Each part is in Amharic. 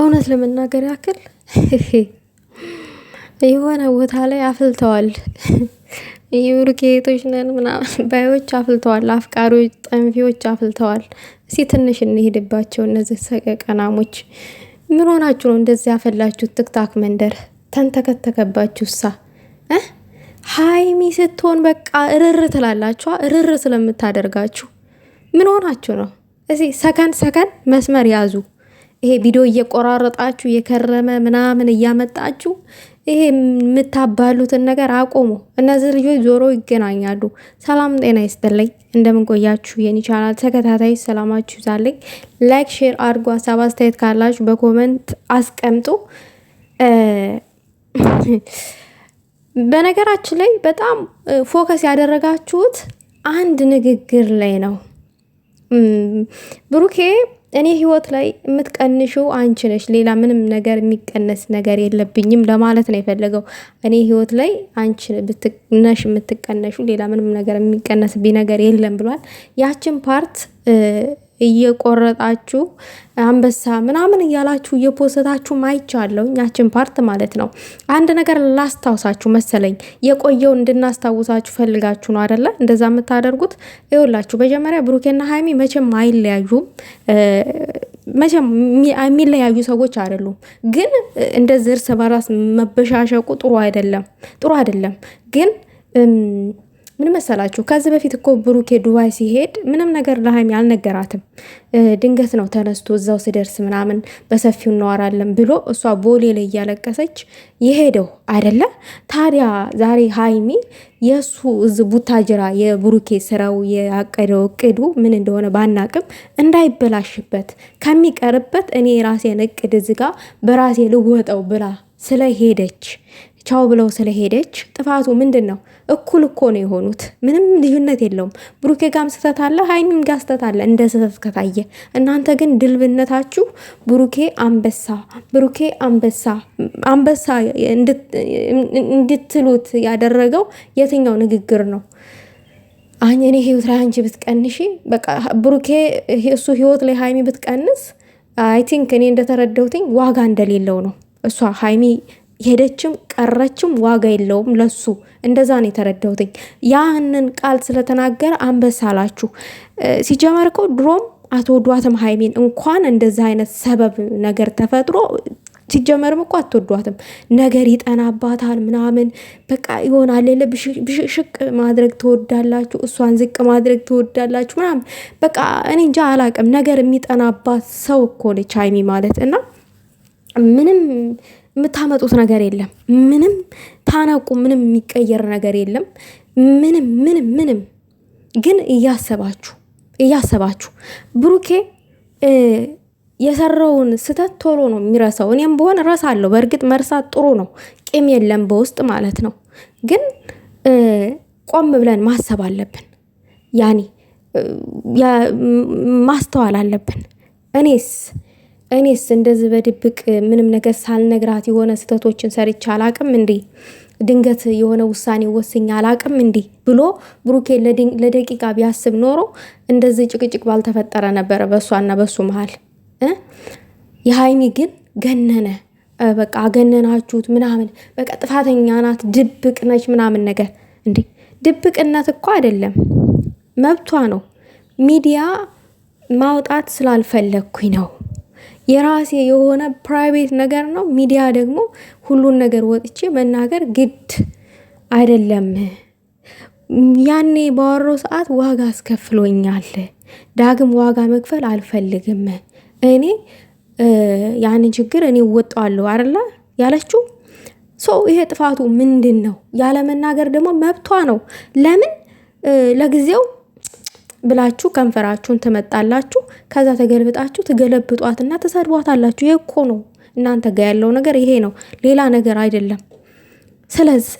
እውነት ለመናገር ያክል የሆነ ቦታ ላይ አፍልተዋል። የብሩኬቶች ነን ምናምን ባዮች አፍልተዋል። አፍቃሪዎች፣ ጠንፊዎች አፍልተዋል። እስቲ ትንሽ እንሄድባቸው። እነዚህ ሰቀቀናሞች ምን ሆናችሁ ነው እንደዚህ ያፈላችሁት? ትክታክ መንደር ተንተከተከባችሁ ሳ ሀይሚ ስትሆን በቃ እርር ትላላችኋ። እርር ስለምታደርጋችሁ ምን ሆናችሁ ነው? እዚህ ሰከን ሰከን መስመር ያዙ። ይሄ ቪዲዮ እየቆራረጣችሁ የከረመ ምናምን እያመጣችሁ ይሄ የምታባሉትን ነገር አቆሙ። እነዚህ ልጆች ዞሮ ይገናኛሉ። ሰላም ጤና ይስጥልኝ፣ እንደምንቆያችሁ የኔ ቻናል ተከታታይ ሰላማችሁ ይዛለኝ። ላይክ፣ ሼር አድርጎ ሀሳብ አስተያየት ካላችሁ በኮመንት አስቀምጡ። በነገራችን ላይ በጣም ፎከስ ያደረጋችሁት አንድ ንግግር ላይ ነው ብሩኬ እኔ ህይወት ላይ የምትቀንሹ አንቺ ነሽ። ሌላ ምንም ነገር የሚቀነስ ነገር የለብኝም ለማለት ነው የፈለገው። እኔ ህይወት ላይ አንቺ ነሽ የምትቀነሹ፣ ሌላ ምንም ነገር የሚቀነስብኝ ነገር የለም ብሏል። ያችን ፓርት እየቆረጣችሁ አንበሳ ምናምን እያላችሁ እየፖሰታችሁ ማይቻለው እኛችን ፓርት ማለት ነው። አንድ ነገር ላስታውሳችሁ መሰለኝ የቆየው እንድናስታውሳችሁ ፈልጋችሁ ነው አደለ? እንደዛ የምታደርጉት ይኸውላችሁ፣ መጀመሪያ ብሩኬና ሀይሚ መቼም አይለያዩም። መቼም የሚለያዩ ሰዎች አይደሉም። ግን እንደዚህ እርስ በራስ መበሻሸቁ ጥሩ አይደለም፣ ጥሩ አይደለም ግን ምን መሰላችሁ? ከዚህ በፊት እኮ ብሩኬ ዱባይ ሲሄድ ምንም ነገር ለሀይሚ አልነገራትም። ድንገት ነው ተነስቶ እዛው ስደርስ ምናምን በሰፊው እናወራለን ብሎ እሷ ቦሌ ላይ እያለቀሰች የሄደው አይደለ? ታዲያ ዛሬ ሀይሚ የእሱ እዚ ቡታጅራ የብሩኬ ስራው የአቀደው እቅዱ ምን እንደሆነ ባናቅም እንዳይበላሽበት ከሚቀርበት እኔ የራሴን እቅድ ጋ በራሴ ልወጠው ብላ ስለሄደች ቻው ብለው ስለሄደች ጥፋቱ ምንድን ነው? እኩል እኮ ነው የሆኑት። ምንም ልዩነት የለውም። ብሩኬ ጋም ስህተት አለ፣ ሀይሚም ጋ ስህተት አለ። እንደ ስህተት ከታየ እናንተ ግን ድልብነታችሁ ብሩኬ አንበሳ፣ ብሩኬ አንበሳ፣ አንበሳ እንድትሉት ያደረገው የትኛው ንግግር ነው? እኔ ህይወት ላይ አንቺ ብትቀንሺ፣ በቃ ብሩኬ እሱ ህይወት ላይ ሀይሚ ብትቀንስ፣ አይ ቲንክ እኔ እንደተረዳሁትኝ ዋጋ እንደሌለው ነው እሷ ሀይሚ ሄደችም ቀረችም ዋጋ የለውም ለሱ። እንደዛ ነው የተረዳሁትኝ። ያንን ቃል ስለተናገረ አንበሳ አላችሁ። ሲጀመር እኮ ድሮም አትወዷትም ሀይሜን። እንኳን እንደዛ አይነት ሰበብ ነገር ተፈጥሮ ሲጀመርም እኮ አትወዷትም። ነገር ይጠናባታል ምናምን በቃ ይሆናል የለ ብሽቅ ማድረግ ትወዳላችሁ፣ እሷን ዝቅ ማድረግ ትወዳላችሁ ምናምን በቃ እኔ እንጃ አላቅም። ነገር የሚጠናባት ሰው እኮ ነች ሀይሚ ማለት እና ምንም የምታመጡት ነገር የለም። ምንም ታነቁ፣ ምንም የሚቀየር ነገር የለም። ምንም ምንም ምንም ግን እያሰባችሁ እያሰባችሁ ብሩኬ የሰራውን ስህተት ቶሎ ነው የሚረሳው። እኔም በሆን እረሳለሁ። በእርግጥ መርሳት ጥሩ ነው፣ ቂም የለም በውስጥ ማለት ነው። ግን ቆም ብለን ማሰብ አለብን። ያኔ ማስተዋል አለብን። እኔስ እኔስ እንደዚህ በድብቅ ምንም ነገር ሳልነግራት የሆነ ስህተቶችን ሰርቼ አላቅም እንዴ? ድንገት የሆነ ውሳኔ ወስኜ አላቅም እንዲ ብሎ ብሩኬ ለደቂቃ ቢያስብ ኖሮ እንደዚህ ጭቅጭቅ ባልተፈጠረ ነበረ በእሷና በሱ መሀል። የሀይሚ ግን ገነነ። በቃ አገነናችሁት ምናምን በቃ ጥፋተኛ ናት ድብቅ ነች ምናምን ነገር እንዴ! ድብቅነት እኮ አይደለም መብቷ ነው። ሚዲያ ማውጣት ስላልፈለግኩኝ ነው የራሴ የሆነ ፕራይቬት ነገር ነው። ሚዲያ ደግሞ ሁሉን ነገር ወጥቼ መናገር ግድ አይደለም። ያኔ ባወራው ሰዓት ዋጋ አስከፍሎኛል። ዳግም ዋጋ መክፈል አልፈልግም። እኔ ያንን ችግር እኔ እወጣዋለሁ አይደለ ያለችው ሰው። ይሄ ጥፋቱ ምንድን ነው? ያለመናገር ደግሞ መብቷ ነው። ለምን ለጊዜው ብላችሁ ከንፈራችሁን ትመጣላችሁ። ከዛ ተገልብጣችሁ ትገለብጧትና ትሰድቧታላችሁ። ይህ እኮ ነው እናንተ ጋ ያለው ነገር ይሄ ነው፣ ሌላ ነገር አይደለም። ስለዚህ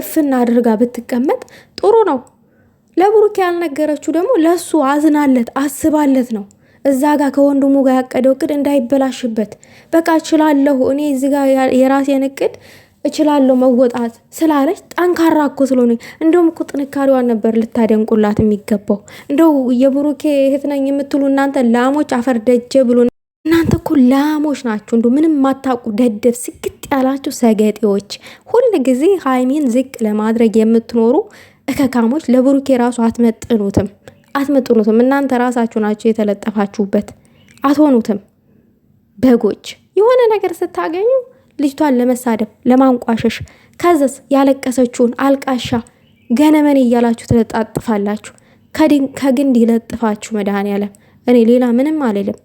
እፍና አድርጋ ብትቀመጥ ጥሩ ነው። ለብሩክ ያልነገረችው ደግሞ ለሱ አዝናለት አስባለት ነው። እዛ ጋር ከወንድሙ ጋር ያቀደው እቅድ እንዳይበላሽበት በቃ ችላለሁ እኔ እዚ ጋር የራሴን እቅድ እችላለሁ መወጣት ስላለች ጠንካራ እኮ ስለሆነ እንደውም እኮ ጥንካሬዋን ነበር ልታደንቁላት የሚገባው። እንደው የብሩኬ እህት ነኝ የምትሉ እናንተ ላሞች አፈር ደጀ ብሎ እናንተ እኮ ላሞች ናችሁ። እንዲ ምንም ማታውቁ ደደብ ስግጥ ያላችሁ ሰገጤዎች፣ ሁል ጊዜ ሀይሚን ዝቅ ለማድረግ የምትኖሩ እከካሞች ለብሩኬ ራሱ አትመጥኑትም፣ አትመጥኑትም። እናንተ ራሳችሁ ናችሁ የተለጠፋችሁበት፣ አትሆኑትም። በጎች የሆነ ነገር ስታገኙ ልጅቷን ለመሳደብ ለማንቋሸሽ፣ ከዘስ ያለቀሰችውን አልቃሻ ገነመኔ እያላችሁ ትለጣጥፋላችሁ። ከግንድ ይለጥፋችሁ መድኃኔዓለም። እኔ ሌላ ምንም አልልም።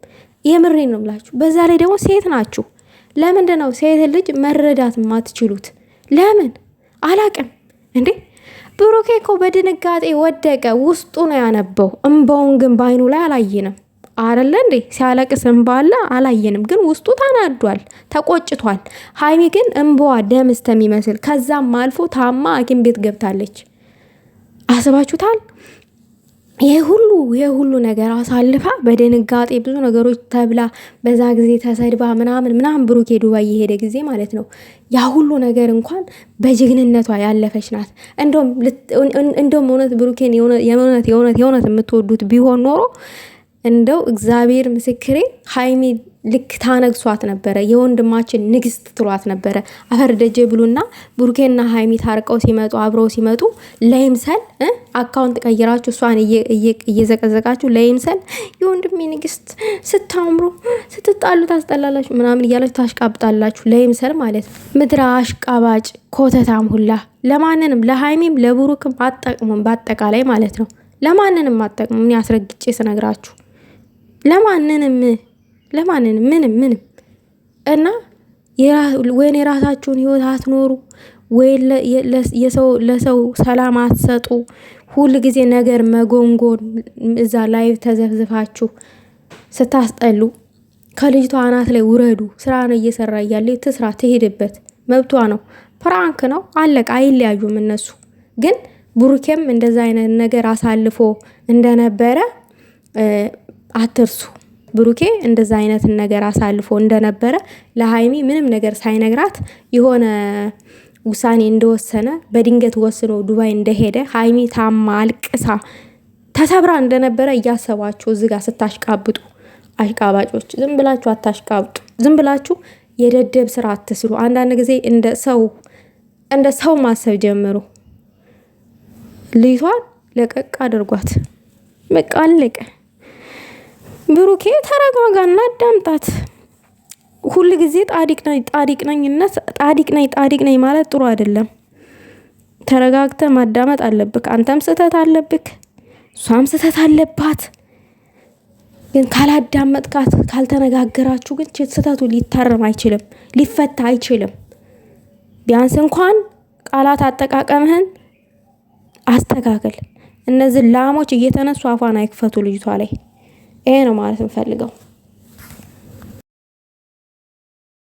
የምሬ ነው ምላችሁ በዛ ላይ ደግሞ ሴት ናችሁ። ለምንድን ነው ሴት ልጅ መረዳት ማትችሉት? ለምን አላቅም እንዴ? ብሩኬ እኮ በድንጋጤ ወደቀ። ውስጡ ነው ያነበው። እምባውን ግን በአይኑ ላይ አላየንም። አረለ እንዴ ሲያለቅስ እንባ አላየንም፣ ግን ውስጡ ተናዷል፣ ተቆጭቷል። ሀይሚ ግን እንባዋ ደም እስከሚመስል ከዛም አልፎ ታማ ሐኪም ቤት ገብታለች። አስባችሁታል? ይህ ሁሉ ይህ ሁሉ ነገር አሳልፋ በድንጋጤ ብዙ ነገሮች ተብላ በዛ ጊዜ ተሰድባ ምናምን ምናምን ብሩኬ ዱባይ የሄደ ጊዜ ማለት ነው። ያ ሁሉ ነገር እንኳን በጀግንነቷ ያለፈች ናት። እንደውም እውነት ብሩኬን የእውነት የእውነት የእውነት የምትወዱት ቢሆን ኖሮ እንደው እግዚአብሔር ምስክሬ ሀይሚ ልክ ታነግሷት ነበረ። የወንድማችን ንግስት ትሏት ነበረ። አፈርደጀ ብሉና ቡርኬና ሀይሚ ታርቀው ሲመጡ አብረው ሲመጡ ለይምሰል አካውንት ቀይራችሁ እሷን እየዘቀዘቃችሁ ለይምሰል የወንድሜ ንግስት ስታምሩ ስትጣሉ ታስጠላላችሁ ምናምን እያላችሁ ታሽቃብጣላችሁ። ለይምሰል ማለት ነው። ምድረ አሽቃባጭ ኮተታም ሁላ ለማንንም ለሀይሚም ለቡሩክም አጠቅሙም በአጠቃላይ ማለት ነው። ለማንንም አጠቅሙ። እኔ አስረግጬ ስነግራችሁ ለማንንም ለማንንም ምንም ምንም እና ወይን የራሳችሁን ህይወት አትኖሩ ወይ ለሰው ሰላም አትሰጡ። ሁል ጊዜ ነገር መጎንጎን እዛ ላይ ተዘፍዝፋችሁ ስታስጠሉ ከልጅቷ አናት ላይ ውረዱ። ስራ ነው እየሰራ እያለ ትስራ ትሄድበት መብቷ ነው። ፕራንክ ነው አለቅ አይለያዩም እነሱ ግን ብሩኬም እንደዛ አይነት ነገር አሳልፎ እንደነበረ አትርሱ። ብሩኬ እንደዛ አይነትን ነገር አሳልፎ እንደነበረ ለሀይሚ ምንም ነገር ሳይነግራት የሆነ ውሳኔ እንደወሰነ በድንገት ወስኖ ዱባይ እንደሄደ ሀይሚ ታማ አልቅሳ ተሰብራ እንደነበረ እያሰባችሁ እዚ ጋር ስታሽቃብጡ፣ አሽቃባጮች ዝም ብላችሁ አታሽቃብጡ። ዝም ብላችሁ የደደብ ስራ አትስሩ። አንዳንድ ጊዜ እንደ ሰው እንደ ሰው ማሰብ ጀምሩ። ልይቷን ለቀቅ አድርጓት። በቃ አለቀ። ብሩኬ ተረጋጋና አዳምጣት። ሁል ጊዜ ጣዲቅ ነኝ ጣዲቅ ጣዲቅ ነኝ ጣዲቅ ነኝ ማለት ጥሩ አይደለም። ተረጋግተ ማዳመጥ አለብክ። አንተም ስህተት አለብክ፣ እሷም ስህተት አለባት። ግን ካላዳመጥካት ካልተነጋገራችሁ ግን ስህተቱ ሊታረም አይችልም፣ ሊፈታ አይችልም። ቢያንስ እንኳን ቃላት አጠቃቀምህን አስተካክል። እነዚህ ላሞች እየተነሱ አፏን አይክፈቱ ልጅቷ ላይ። ይሄ ነው ማለት የምፈልገው